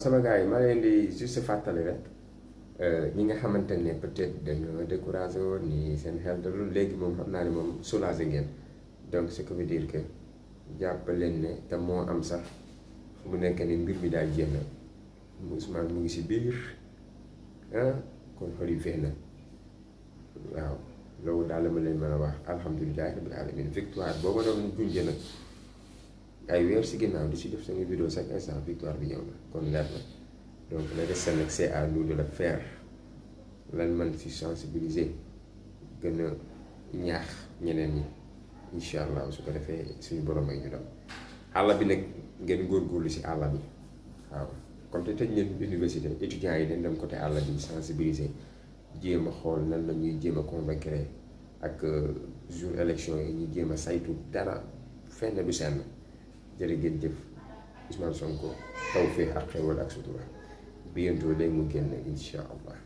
sama gars yi ma leen di juste fàttali rek euh, ñi nga xamante ne peut-être dañoo woon ni seen xel dalul léegi moom xam naa ni moom soulagé ngeen donc ce que veut dire leen ne te moo am sax mu nekk ni mbir mi daal jeex na Ousmane mu ngi ci biir ah kon xol yi feex na waaw loolu daal la ma leen mën a wax alhamdulilah rabbil alamin victoire boo ko doon junjee ay weer si ginnaaw di si def sama vidéo chaque instant victoire bi ñëw na kon leer na donc nag Sénégal c'est à nous de le faire lan man si sensibiliser gën a ñaax ñeneen ñi allah su ko defee suñu borom ay ñu dem àll bi nag si àll waaw comme te tëj leen université étudiants yi dañ dem côté àll bi sensibiliser jéem a xool nan la ñuy jéem a convaincre ak jour élection yi ñu jéem a saytu dara fenn du seen. jërë ngeen jëf Ousmane Sonko taw fee ak xewal ak sutura biyantoo lay mu génn incha allah